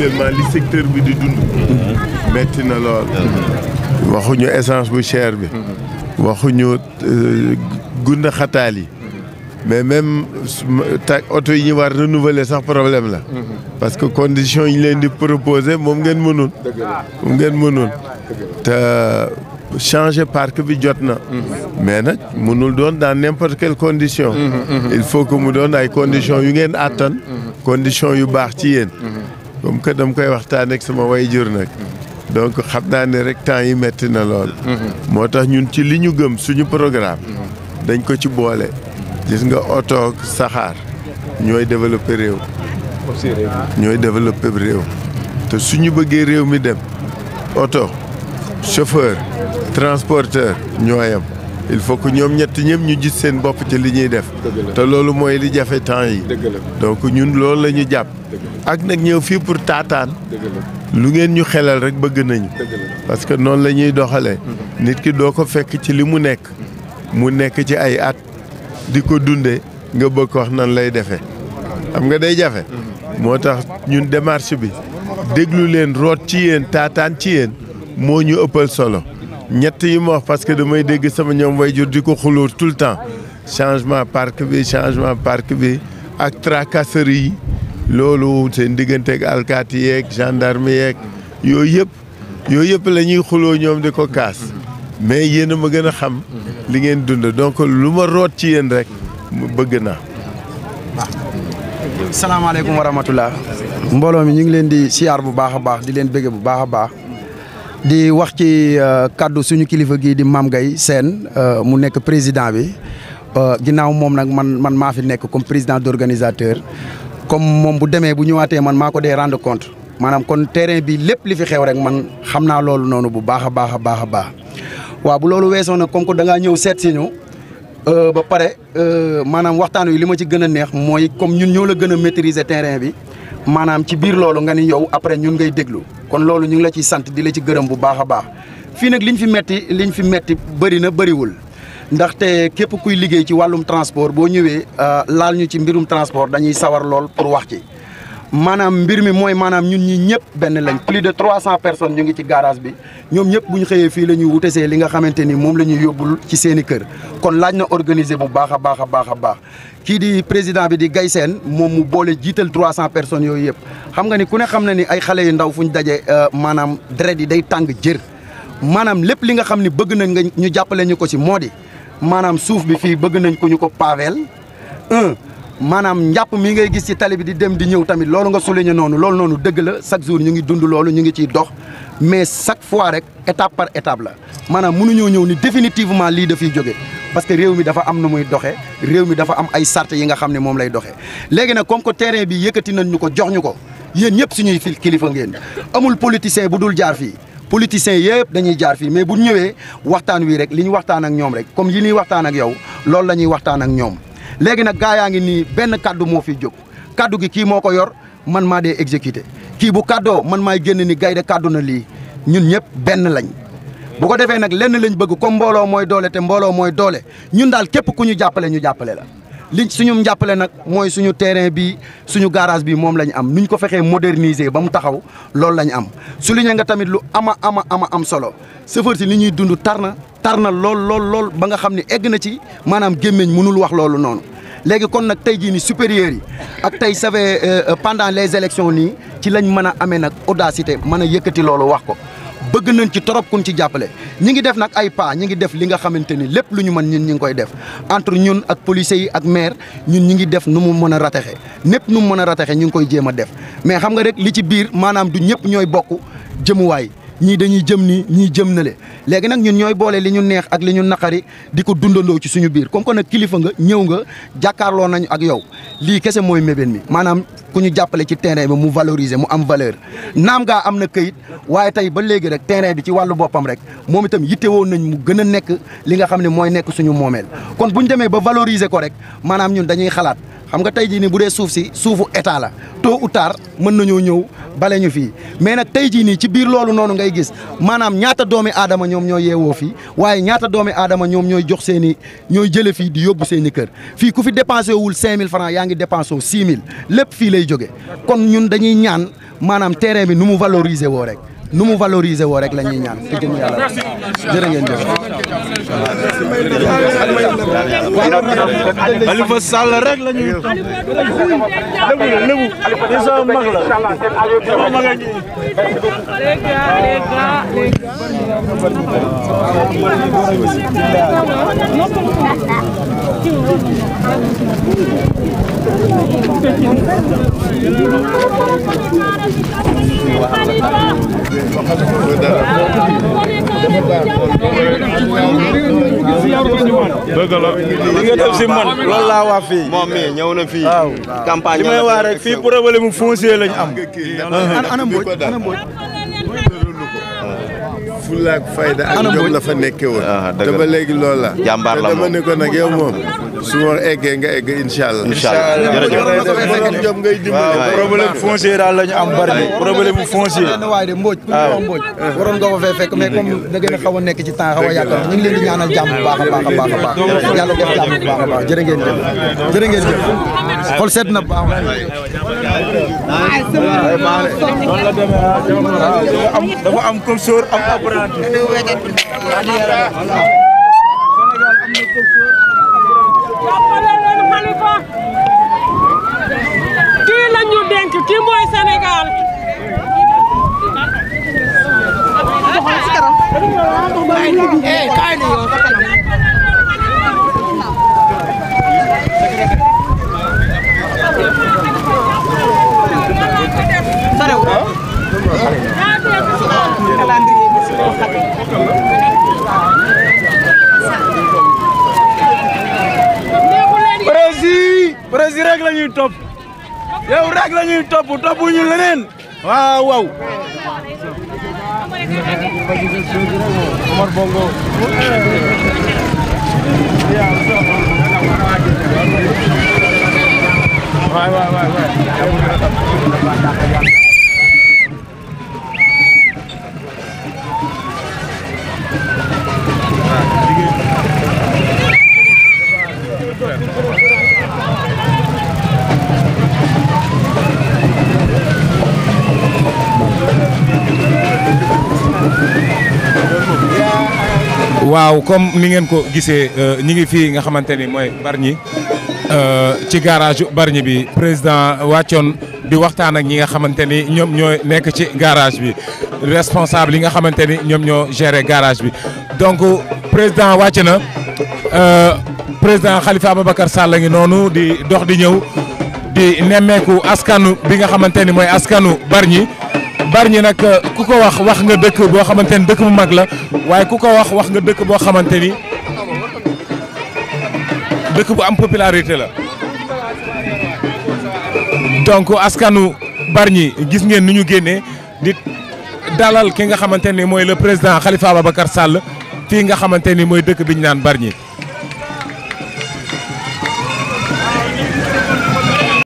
actuellement li secteur bi di dund. Mm-hmm. metti na lool. Mm-hmm. waxuñu essence bu cher bi. Mm-hmm. waxuñu euh, gunda xataal yi. mais même ta oto yi ñu war renouveler sax problème la. parce que conditions yi leen di proposer moom ngeen mënul. moom ngeen mënul. te changer parc bi jot na. mais nag mënul doon daan n'importe quelle condition. il faut que mu doon ay conditions yu ngeen àttan. conditions yu baax ci yéen. comme que dama koy waxtaaneek ak sama way jur nag donc xam naa ne rek temps yi metti na lool mm-hmm. moo tax ñun ci li ñu gëm suñu programme mm-hmm. dañ ko ci boole gis nga otoog saxaar ñooy développé réew ñooy développé réew te suñu bëggee réew mi dem oto chauffeur transporteur ñooyam il faut que ñoom ñett ñëpp ñu gis seen bopp ci li ñuy def te loolu mooy li jafe temps yi donc ñun loolu la ñu jàpp ak nag ñëw fii pour taataan lu ngeen ñu xelal rek bëgg nañu parce que noonu la ñuy doxalee mm-hmm. nit ki doo ko fekk ci li mu nekk mu nekk ci ay at di ko dunde nga bëgg wax nan lay defee xam nga day jafe mm-hmm. moo tax ñun démarche bi déglu leen root ci yéen taataan ci yéen moo ñu ëppal solo ñett yi ma wax parce que damay dégg sama ñoom way jur di ko xulóor tout le temps changement parc bi changement parc bi ak tracasserie yi loolu seen diggante ak alkaati yeeg gendarme yeeg yooyu yëpp yooyu yëpp la ñuy xuloo ñoom di ko kaas mais yéen a ma gën a xam li ngeen dund donc lu ma root ci yéen rek bëgg naa. salaamaaleykum wa rahmatullah mbooloo mi ñu ngi leen di siyaar bu baax a baax di leen bëgge bu baax a baax. di wax ci euh, kàddu suñu kilifa gii di Mame Gaye Sène euh, mu nekk président bi euh, ginnaaw moom nag man man maa fi nekk comme président d'organisateur comme moom bu demee bu ñëwaatee man maa ko dee rendre compte maanaam kon terrain bi lépp li fi xew rek man xam naa loolu noonu bu baaxa a baax a baax a baax waaw bu loolu weesoo nag comme que da ngaa ñëw seet si ñu ba pare maanaam waxtaan wi li ma ci gën a neex mooy comme ñun ñëw la gën a maîtriser terrain bi maanaam ci biir loolu nga ni yow après ñun ngay déglu kon loolu ñu ngi la ciy sant di la ci gërëm bu baax a baax fii nag li ñu fi metti liñ fi metti bëri na bëriwul ndaxte képp kuy liggéey ci wàllum transport boo ñëwee euh, laal ñu ci mbirum transport dañuy sawar lool pour wax ci maanaam mbir mi mooy maanaam ñun ñi ñëpp benn lañ plus de trois cent personnes ñu ngi ci garage bi ñoom ñëpp bu ñu xëyee fii la ñuy wutesee li nga xamante ni moom la ñuy yóbbul ci seen kër kon laaj na organiser bu baax a baax a baax a baax kii di président bi di Gaye Sène moom mu boole jiital trois cent personnes yooyu yëpp xam nga ni ku ne xam na ni ay xale yu ndaw fu ñu dajee euh, maanaam deret yi day tàng jër maanaam lépp li nga xam ni bëgg nañ nga ñu jàppale ñu ko ci moo di maanaam suuf bi fii bëgg nañ ko ñu ko pavel maanaam njàpp mi ngay gis ci tali bi di dem di ñëw tamit loolu nga souligné noonu loolu noonu dëgg la chaque jour ñu ngi dund loolu ñu ngi ciy dox mais chaque fois rek étape par étape la maanaam mënuñoo ñëw ñëw ni définitivement lii dafiy jóge parce que réew mi dafa am na muy doxe réew mi dafa am ay sart yi nga xam ne moom lay doxee léegi nag comme que terrain bi yëkkati nañ ñu ko jox ñu ko yéen ñëpp suñuy fil kilifa ngeen amul politicien bu dul jaar fii politiciens yëpp dañuy jaar fii mais bu ñëwee waxtaan wi rek li ñu waxtaan ak ñoom rek comme yi ñuy waxtaan ak yow loolu la ñuy ak ñoom léegi nag gaa yaa ngi nii benn kaddu moo fi jóg kaddu gi kii moo ko yor man maa dee exécuté kii bu kaddoo man maay génn ni gaynde kaddu na lii ñun ñëpp benn lañ. bu ko defee nag lenn lañ bëgg comme mbooloo mooy doole te mbooloo mooy doole ñun daal képp ku ñu jàppale ñu jàppale la. liñ suñu jàppale nag mooy suñu terrain bi suñu garage bi moom lañ am nuñ ko fexee moderniser ba mu taxaw loolu lañ am. su li nga tamit lu ama ama ama am solo chauffeur si li ñuy dund tar na tar na lool lool lool ba nga xam ni egg na ci maanaam gémmiñ mënul wax loolu noonu léegi kon nag tey jii ni supérieurs yi ak tey savez euh, euh, pendant les élections nii ci lañ mën a amee nag audacité mën a yëkkati loolu wax ko bëgg nañ ci torop kun ci jàppale ñi ngi def nag ay pas ñi ngi def li nga xamante ni lépp lu ñu mën ñun ñi ngi koy def entre ñun ak policiers yi ak maire ñun ñi ngi def nu mu mën a ratexe népp nu mu mën a ratexe ñu ngi koy jéem a def mais xam nga rek li ci biir maanaam du ñëpp ñooy bokk jëmuwaay ñii dañuy jëm nii ñii jëm na léegi nag ñun ñooy boole li ñu neex ak li ñu naqari di ko dundandoo ci suñu biir comme que nag kilifa nga ñëw nga jàkkaarloo nañu ak yow lii kese mooy mébén mi maanaam ku ñu jàppale ci terrain bi mu valoriser mu am valeur naam gaa am na kayit waaye tey ba léegi rek terrain bi ci wàllu boppam rek moom itam yitte woon nañu mu gën a nekk li nga xam ne mooy nekk suñu moomeel kon bu ñu demee ba valoriser ko rek maanaam ñun dañuy xalaat xam nga tey jii nii bu dee suuf si suufu état la tôt ou tard mën nañoo ñëw bale ñu fii mais nag tey jii nii ci biir loolu noonu ngay gis maanaam ñaata doomi aadama ñoom ñoo yeewoo fii waaye ñaata doomi aadama ñoom ñooy jox seen i ñooy jële fii di yóbbu seen i kër fii ku fi dépensé wul cinq mille francs yaa ngi dépensé wu six mille lépp fii lay jóge kon ñun dañuy ñaan maanaam terrain bi nu mu valoriser woo rek nu mu valoriser woo rek la ñuy ñaan te jëm yàlla jërë ngeen jëf. Khalifa Sall rek la ñuy xam lébu lébu di sama mag la sama mag a ngi Thank you. dëgg la li nga def si man loolu laa moom mi ñëw na fii waaw campagne li may wax rek fii problème mu foncier lañ am ana mboj ana fulla ak fayda ak jom la fa nekkee woon ah, te léegi loolu la jàmbaar la dama ne ko nag yow moom su ma eggee nga egg incha allah incha allah jërëjëf la ñu am bari problème bu foncier waaye de mbooj pour ah. ñu mbooj waroon a a nekk ci temps xaw a yàqal ñu ngi leen a a a baax yàlla def jàmm bu a baax jërë ngeen jëf ah, am comme deux wékkat bu nekk am na di yaram. Sénégal am na docteur. jàppale leen Khalifa. kii la ñu dénk kii mooy Sénégal. kaay la ñuy topp yow rek la ñuy topp toppuñu leneen waaw waaw. waay waaw comme ni ngeen ko gisee euh, ñi ngi fii nga xamante ni mooy Bargny euh, ci garage Bargny bi président wàccoon di waxtaan ak ñi nga xamante ni ñoom ñoo nekk ci garage bi responsable yi nga xamante ni ñoom ñoo gere garage bi donc président wàcc na euh, président Khalifa Ababacar Sall ngi noonu di dox di ñëw di nemmeeku askanu bi nga xamante ni mooy askanu Bargny Bargny nag euh, ku ko wax wax nga dëkk boo xamante ni dëkk bu mag la waaye ku ko wax wax nga dëkk boo xamante ni dëkk bu am popularité la donc askanu Bargny gis ngeen ni ñu génnee di dalal ki nga xamante ni mooy le président ba Ababacar sàll fii nga xamante ni mooy dëkk bi ñu naan Bargny